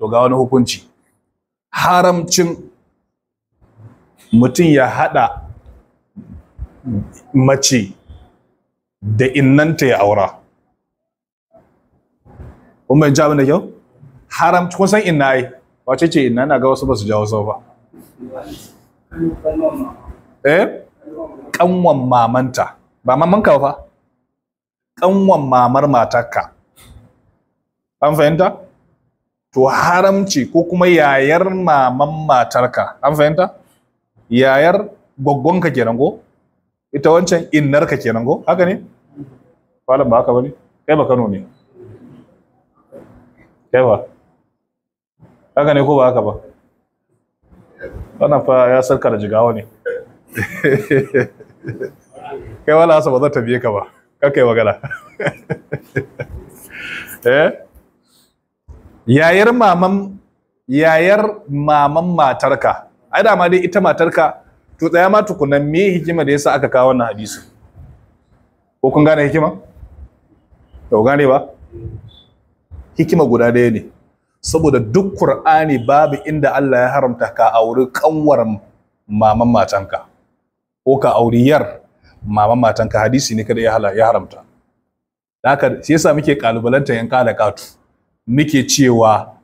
to ga wani hukunci haramcin mutum ya haɗa mace da innanta ya aura kun bayanci jami da kyau Haramci kun san inna yi. wace ce inna na ga wasu ba su jawo sau ba eh kanwan mamanta ba mamanka fa kanwan mamar matarka an fahimta to haramci ko kuma yayar maman matarka an fahimta yayar gwaggonka kenan ko ita wancan innarka kenan ko haka ne falon ba haka bane kai ba Kano ne kai ba haka ne ko ba haka ba wannan fa ya sarka da jigawa ne kai wala asa ba zan biye ka ba kakai magana eh yayar maman yayar maman matarka ai da ma dai ita matarka to tsaya ma tukuna me hikima da yasa aka kawo wannan hadisi ko kun gane hikima to gane ba hikima guda ɗaya ne saboda duk Qur'ani babu inda Allah ya haramta ka auri kanwar maman matanka ko ka auriyar maman matanka hadisi ne kada ya haramta haka shi yasa muke kalubalanta yan kala katu muke cewa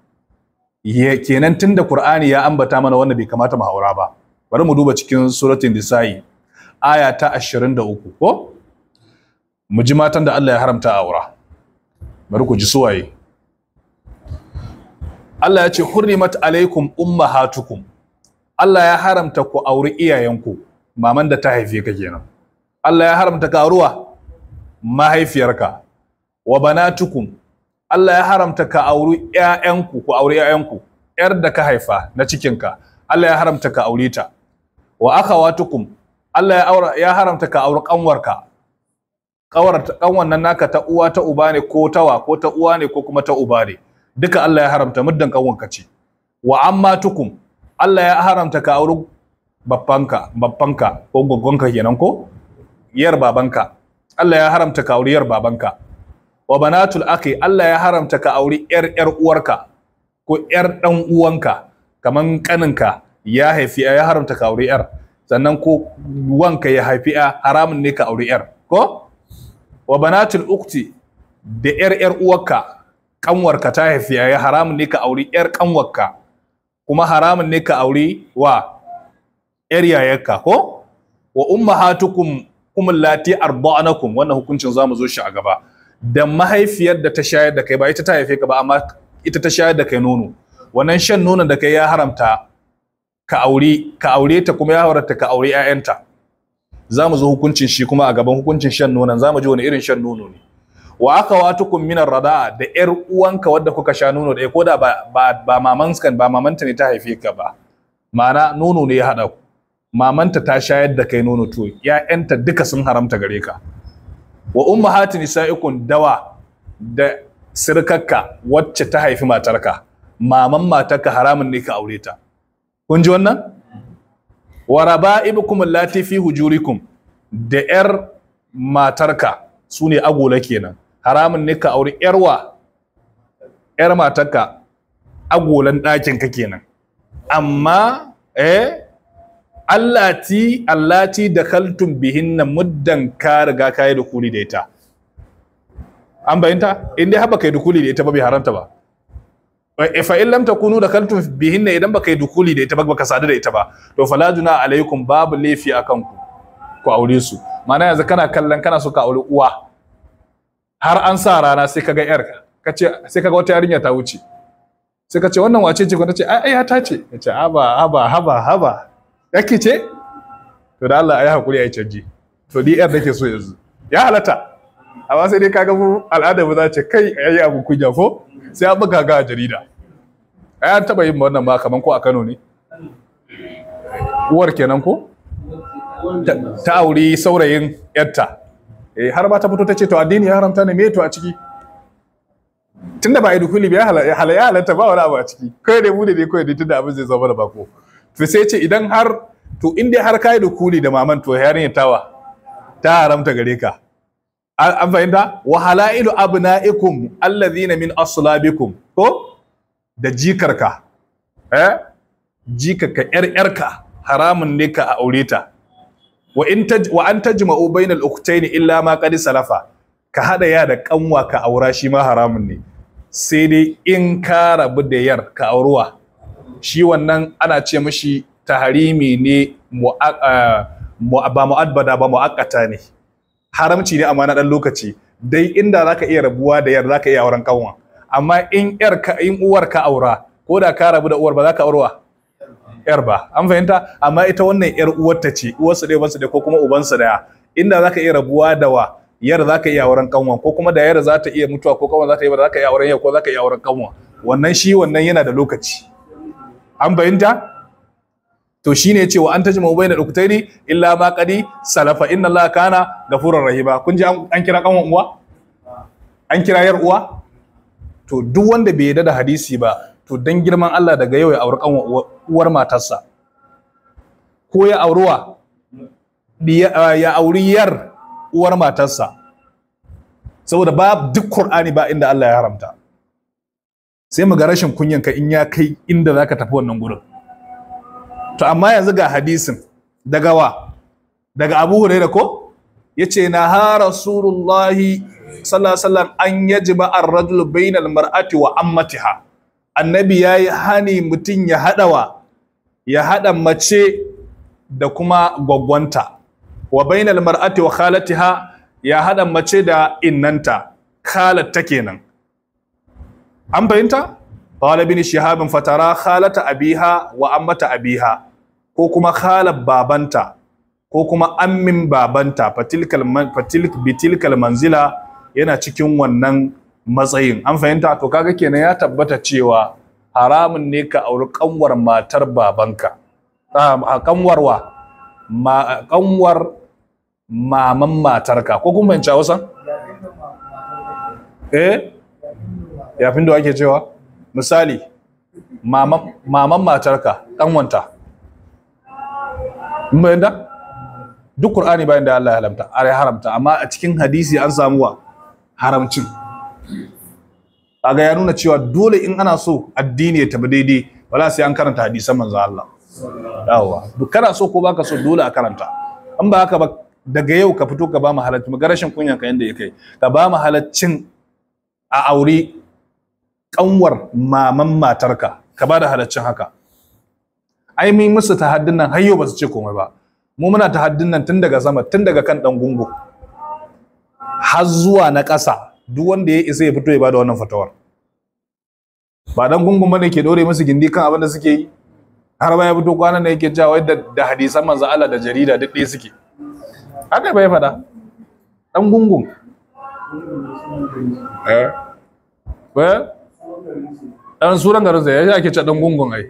kenan tunda Kur'ani ya ambata mana wannan bai kamata mu haura ba bari mu duba cikin suratul nisa'i aya ta 23 ko mu ji matan da Allah ya haramta aura bari ku ji suwaye Allah ya ce hurrimat alaikum ummahatukum Allah ya haramta ku auri iyayenku maman da ta haife ka kenan Allah ya haramta ka aruwa mahaifiyarka wa banatukum Allah ya haramta ka auri ƴaƴanku ku auri ƴaƴanku ƴar da ka haifa na cikinka Allah ya haramta ka aure ta wa akhawatukum Allah ya ya haramta ka auri ƙanwarka. kawar nan naka ta uwa ta uba ne ko tawa ko ta uwa ne ko kuma ta uba ne duka Allah ya haramta muddin ƙanwarka ce wa ammatukum Allah ya haramta ka auri babbanka babbanka ko gogonka kenan ko yar babanka Allah ya haramta ka auri yar babanka wa banatul aqi Allah ya haramta ka auri yar yar uwarka ko yar dan uwanka kaman kaninka ya haifi ya haramta ka auri yar sannan ko wanka ya haifi ya haramun ne ka auri yar ko wa banatul ukti da yar yar uwarka kanwarka ta haifi ya haramun ne ka auri yar kanwarka kuma haramun ne ka auri wa yar yayarka ko wa ummahatukum kumul lati arba'anakum wannan hukuncin zamu zo shi a gaba da mahaifiyar da ta shayar da kai ba ita ta haife ka ba amma ita ta shayar da kai nono wannan shan nonon da kai ya haramta ka aure ka aure ta kuma ya haramta ka aure ƴaƴanta za mu zo hukuncin shi kuma a gaban hukuncin shan nonon za mu ji wani irin shan nono ne wa aka kun minar rada'a da ƴar uwanka wadda kuka sha nono da ko da ba ba, ba mamanskan ba mamanta ne ta haife ka ba ma'ana nono ne ya haɗa ku mamanta ta shayar da kai nono to ƴaƴanta duka sun haramta gare ka wa umma ummahatu nisaikum dawa da sirkarka wacce ta haifi matarka maman matarka haramun ne ka aure ta kun ji wannan wa raba'ibukum allati fi hujurikum da yar matarka sune agola kenan haramun ne ka aure yarwa yar matarka agolan ɗakin ka kenan amma eh allati allati bihin na muddan ka riga ka da kuli da ita an bayanta in dai ka kai dukuli da ita ba bai haramta ba fa in lam takunu bihin na idan ba yi dukuli da ita ba baka sadu da ita ba to fala juna alaikum babu laifi akan ku ku aure su ma'ana yanzu kana kallon kana so ka aure uwa har an sa rana sai kaga yar ce sai kaga wata yarinya ta wuce sai ka ce wannan wace ce ko ce ai ai ta ce ce haba haba haba haba yake ce to da Allah ya hakuri ayi canji to ni yar nake so yanzu ya halata amma sai dai kaga mu al'ada mu za ce kai ayi abu kunya ko sai an buga ga jarida ai an taba yin wannan ma kaman ko a Kano ne uwar kenan ko ta auri saurayin yarta eh har ba ta fito ta ce to addini ya haramta ne me to a ciki tunda ba a yi dukuli ba ya halatta ba wani abu a ciki kai ne mu ne ne kai ne tunda abin zai zama da bako sai sai ce idan har to in dai har kai da kuli da maman to yarinya tawa ta haramta gare ka an fahimta wa halailu abna'ikum allazina min aslabikum ko da jikarka eh jikarka yar haramun ne ka aure ta wa in ta wa an tajma'u bainal ukhtayn illa ma qad salafa ka hada ya da kanwa ka aura shi ma haramun ne sai dai in ka rabu da yar ka auruwa shi wannan ana ce mashi taharimi ne ba mu'adbada ba mu'akata ne haramci ne amma na dan lokaci dai inda zaka iya rabuwa da yar zaka iya auren kanwa amma in yar ka in uwar ka aura ko da ka rabu da uwar ba zaka aurwa yar ba an fahimta amma ita wannan yar uwarta ce uwarsa dai ubansa dai ko kuma ubansa daya inda zaka iya rabuwa da wa yar zaka iya auren kanwa ko kuma da yar za ta iya mutuwa ko kanwa za ta iya ba zaka iya auren yau ko zaka iya auren kanwa wannan shi wannan yana da lokaci an fahimta to shine ce wa anta jama'a bayna dukutaini illa ma qadi salafa inna allaha kana ghafurur rahima kun ji an kira kanwan uwa an kira yar uwa to duk wanda bai yarda da hadisi ba to dan girman Allah daga yau ya auri kanwan uwar matarsa ko ya auruwa ah, ya auri yar uwar matarsa saboda ba duk Qur'ani ba inda Allah ya haramta sai mu ga rashin kunyan ka in ya kai inda zaka tafi wannan gurin to amma yanzu ga hadisin daga wa daga Abu Hurairah ko yace na ha rasulullahi sallallahu alaihi wasallam an yajiba ar-rajulu bainal mar'ati wa ammatiha annabi yayi hani mutun ya hadawa ya hada mace da kuma gwaggwanta wa bainal mar'ati wa khalatiha ya hada mace da innanta khalat ta kenan an fahimta qala bin shihabin fatara khalata abiha wa ammata abiha ko kuma khalab babanta ko kuma ammin babanta fatilkal bitilkal manzila yana cikin wannan matsayin an fahimta to kaga kenan ya tabbata cewa haramun ne ka auri kanwar matar babanka a kanwarwa ma kanwar maman matarka ko kun bayyana eh yafin da ake cewa misali maman matarka ɗanwanta bayan da duk ƙur'ani bayan da Allah ya haramta ya haramta amma a cikin hadisi an samu wa haramcin kaga ya nuna cewa dole in ana so addini ya tafi daidai wala sai an karanta hadisan manzo Allah yawa kana so ko baka so dole a karanta in ba haka ba daga yau ka fito ka ba mu halacci mu garashin kunyan ka yanda yake ka ba mu halaccin a aure kanwar maman matarka ka ba da halaccin haka ai mun musu tahaddin nan hayyo ba su ce komai ba mu muna tahaddin nan tun daga sama tun daga kan dan gungu har zuwa na ƙasa duk wanda ya isa ya fito ya bada wannan fatawar ba dan gungun bane ke dore musu gindi kan abin da suke yi har ba ya fito kwanan da yake cewa da, da hadisan manzo Allah da jarida duk ɗaya suke haka bai faɗa dan gungun eh well dan suran garin sa yaji ake ce gungun ai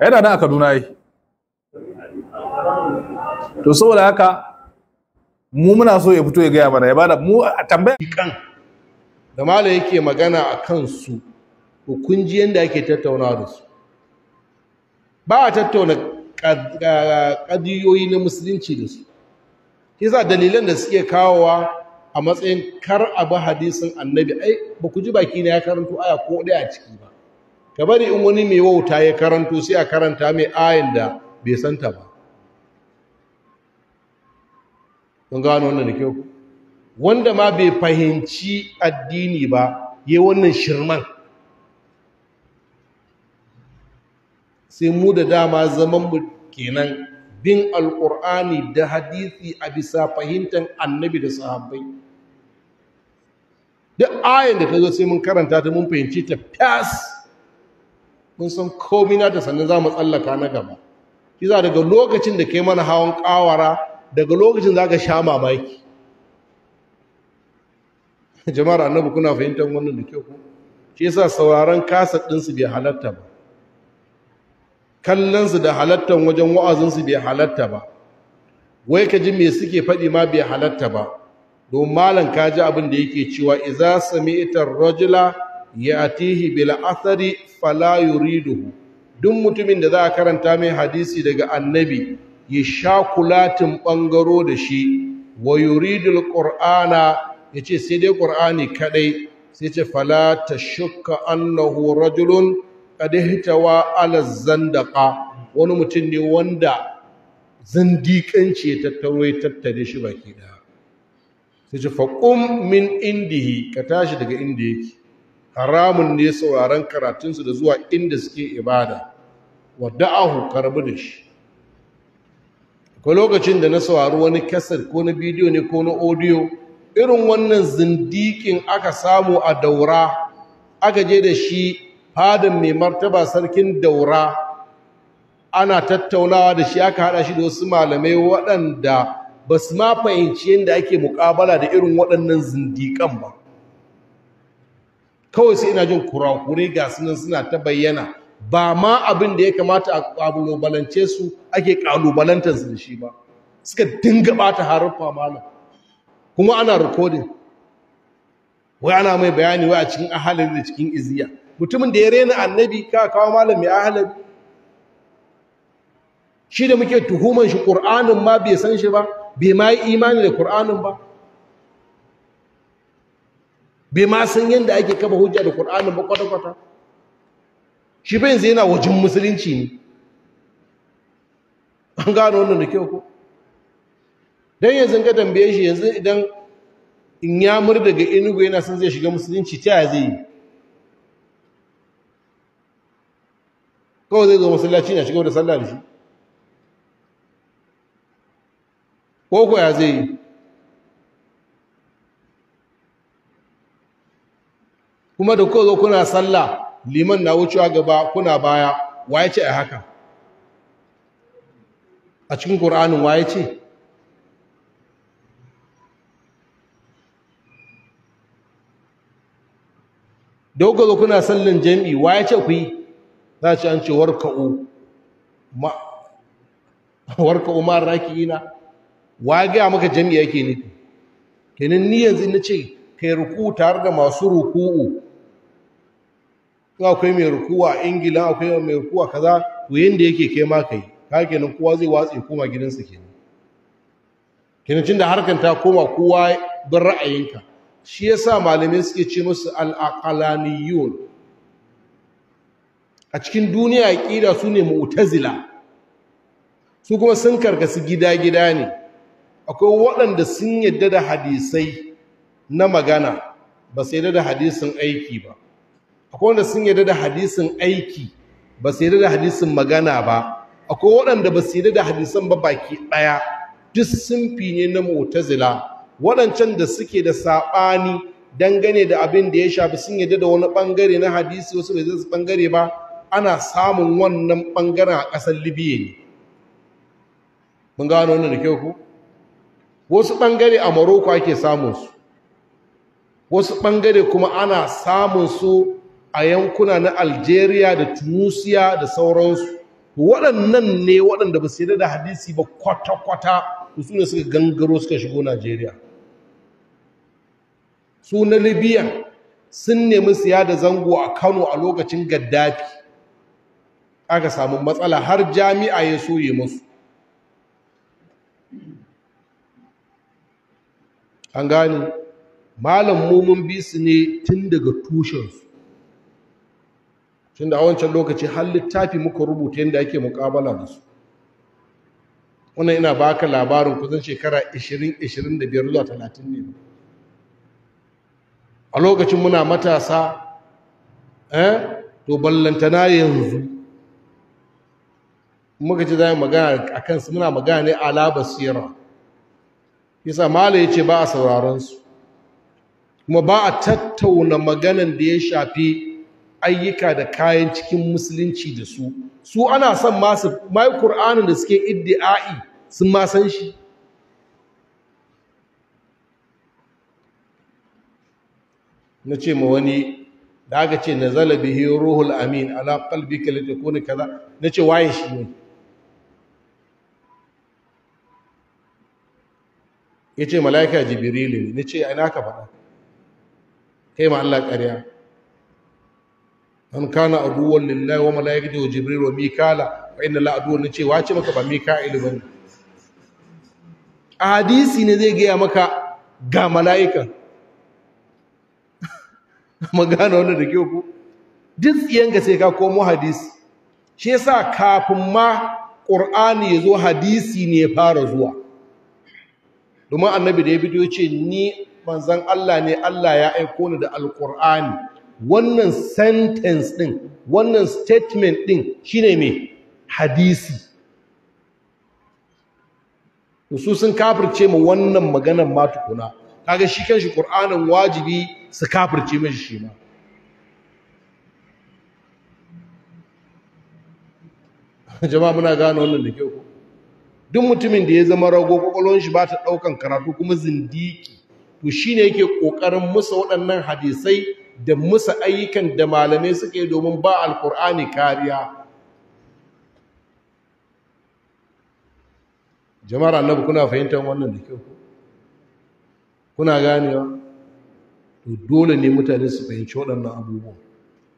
yana nan a Kaduna ai to saboda haka mu muna so ya fito ya gaya mana ya bada mu a tambaya kan da malam yake magana a kansu to kun ji yanda ake tattauna da su ba a tattauna kadiyoyi na musulunci da su yasa dalilan da suke kawowa a matsayin kar a ba hadisin annabi ai ba ku ji baki na ya karanto aya ko ɗaya a ciki ba ka bari in wani mai wauta ya karanto sai a karanta mai ayin da bai santa ba kun gano wannan da kyau wanda ma bai fahimci addini ba ya wannan shirman sai mu da dama zaman mu kenan bin alƙur'ani da hadisi a bisa fahimtar annabi da sahabbai duk ayin da ta zo sai mun karanta ta mun fahimci ta fas mun san komi na ta sannan za mu tsallaka na gaba kiza daga lokacin da kai mana hawan kawara daga lokacin za ka sha mamaki jama'ar annabu kuna fahimtar wannan da kyau shi yasa sauraron kasar ɗinsu bai halatta ba kallonsu da halattan wajen wa'azinsu bai halatta ba wai ka ji me suke faɗi ma bai halatta ba don malam ka ji abin da yake cewa iza sami ar-rajula ya'tihi bil asari fala yuriduhu duk mutumin da za a karanta mai hadisi daga annabi ya sha kulatin ɓangaro da shi wa yuridul qur'ana ce sai dai qur'ani kadai sai ce fala tashukka annahu rajulun qad ihtawa ala zandaqa wani mutum ne wanda zindiƙanci ya tattaro ya tattare shi baki ɗaya. sai ce faƙum min indihi ka tashi daga inda yake haramun ne sauraron karatunsu da zuwa inda suke ibada wa ahu karbi da shi ko lokacin da na saurari wani kasar ko na bidiyo ne ko na audio irin wannan zindikin aka samu a daura aka je da shi fadin mai martaba sarkin daura ana tattaunawa da shi aka haɗa shi da wasu malamai waɗanda ba su ma fahimci yadda ake mukabala da irin waɗannan zindikan ba kawai sai ina jin kurakurai ga sunan suna ta bayyana ba ma abin da ya kamata a ƙalubalance su ake ƙalubalantar su da shi ba suka dinga ɓata haruffa malam kuma ana rikodin wai ana mai bayani wai a cikin ahalari da cikin iziya mutumin da ya rena annabi ka kawo malam mai ahalari shi da muke tuhuman shi ƙur'anin ma bai san shi ba bai ma yi imani da ƙur'anin ba bai ma san yadda ake kafa hujja da ƙur'anin ba kwata-kwata shi bai yanzu yana wajen musulunci ne an gano wannan da kyau ko don yanzu ga tambaye shi yanzu idan in ya daga inugu yana son zai shiga musulunci ta ya zai yi kawai zai zo masallaci na shiga da sallah da shi ko ya zai yi kuma da kowa kuna sallah liman na wucewa gaba kuna baya waye ce a haka a cikin wa waye ce da kuka kuna sallin jami'i waye ce ku yi za ci an ce warka'u ma'ar raki'ina wa gaya maka jami'a yake nufi kenan ni yanzu na ce kai ruku tare da masu ruku'u akwai mai rukuwa a ingila akwai mai rukuwa kaza to yanda yake kai ma kai ka kenan kowa zai watsi koma gidansa kenan kenan tunda harkan ta koma kowa bin ra'ayinka shi yasa malamai suke ce musu al a cikin duniya aqida sune ne mu'tazila su kuma sun karkasu gida-gida ne akwai waɗanda sun yadda da hadisai na magana ba su yadda da hadisin aiki ba akwai waɗanda sun yadda da hadisin aiki ba su yadda da hadisin magana ba akwai waɗanda ba su yadda da hadisan ba baki ɗaya duk sunfi ne na mutazila waɗancan da suke da saɓani dangane da abin da ya shafi sun yadda da wani ɓangare na hadisi wasu bai zai ɓangare ba ana samun wannan ɓangaren a ƙasar libya ne mun gano wannan da kyau ku wasu ɓangare a maroko ake su, wasu ɓangare kuma ana samun su a yankuna na algeria da tunisia da sauransu waɗannan ne waɗanda ba su da hadisi ba kwata-kwata su ne suka gangaro suka shigo najeriya su na libya sun nemi siya da zango a kano a lokacin gaddafi aka samu matsala har jami'a ya soye musu an gani malam mumun bi su ne tun daga tushensu tun da a wancan lokaci har littafi muka rubuta yadda ake mukabala da su wannan ina baka labarin kusan shekara 20-25 zuwa 30 ne a lokacin muna matasa eh to ballantana yanzu muka ci za magana a kansu muna magana ne ala basira yasa mala yace ba a sauraron su kuma ba a tattauna maganan da ya shafi ayyuka da kayan cikin musulunci da su su ana son masu mai qur'anin da suke iddi'ai sun ma san shi na ce ma wani da aka ce na zalabihi ruhul amin ala qalbika litakuna kaza na ce waye shi ne ya ce mala'ika jibirili ni ce ina ka faɗa kai ma Allah ƙarya an kana aduwan lillahi wa mala'ikati wa jibril wa mikala fa inna la aduwan ni ce wace maka ba mika'il ba ne hadisi ne zai gaya maka ga mala'ikan magana wanda da kyau ku duk tsiyanka sai ka komo hadisi shi yasa kafin ma ƙur'ani ya zo hadisi ne ya fara zuwa domin annabi da ya bidiyo ce ni manzan Allah ne Allah ya aiko ni da alkur'ani wannan sentence din wannan statement din shine mai hadisi su sun kafirce mu wannan maganar ma tukuna kaga shi kanshi qur'anin wajibi su kafirce mishi shi ma jama'a muna gano wannan da kyau duk mutumin da ya zama rago kwakwalon shi ba ta ɗaukan karatu kuma zindiki to shi ne yake ƙoƙarin musa waɗannan hadisai da musa ayyukan da malamai suke domin ba Alƙur'ani kariya jama'ar annabi kuna fahimtar wannan da kyau kuna ganewa to dole ne mutane su fahimci waɗannan abubuwan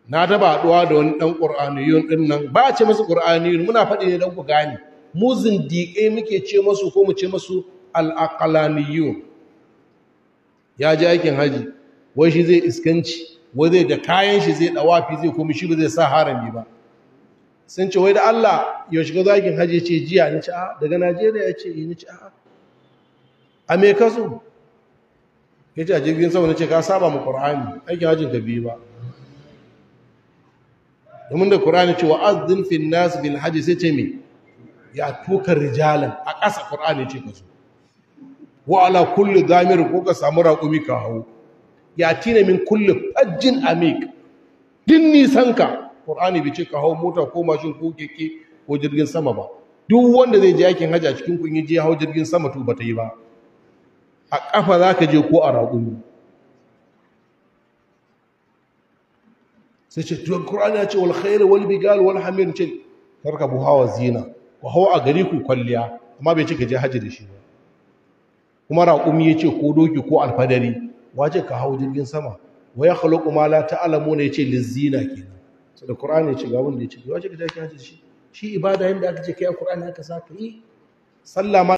na taba haɗuwa da wani ɗan ƙur'aniyun ɗin nan ba ce masu ƙur'aniyun muna faɗi ne don ku gane muzin diƙe muke ce masu ko mu ce masu al’aƙalaniyu ya ji aikin haji wai shi zai iskanci wai zai da kayan shi zai ɗawafi zai komi shi ba zai sa harami ba sun ce wai da Allah ya shiga aikin haji ce jiya ni ci a daga Najeriya ya ce eh. ni ci a a me ka ya ce a jirgin sama na ce ka saba mu Qur'ani aikin hajin ka biyu ba domin da Qur'ani ce wa azdin fin nas bil haji sai ce mai ya tukar rijalan a ƙasa ya ce ka su wa ala kulle ko ka samu raƙumi ka hau ya tina min kulle fajjin amik din nisan ka ƙur'ani bai ce ka hau mota ko mashin ko keke ko jirgin sama ba duk wanda zai je yakin hajji a cikin kun yi je hau jirgin sama to ba ta yi ba a ƙafa za ka je ko a raƙumi sai ce tuwa ƙar'an ya ce wal khairu wal bigal wal hamir ce tarka buhawa zina ku hau a gari ku kwalliya amma bai cika ka je Hajji da shi ba kuma raƙumi ya ce ko doki ko alfadari waje ka hau jirgin sama wa ya khalaqu ma la ta'lamu ne ce lizina kenan so da qur'ani ya ce ga wanda ya ce waje ka je Hajji da shi shi ibada yanda aka ce kai a qur'ani aka saka yi sallama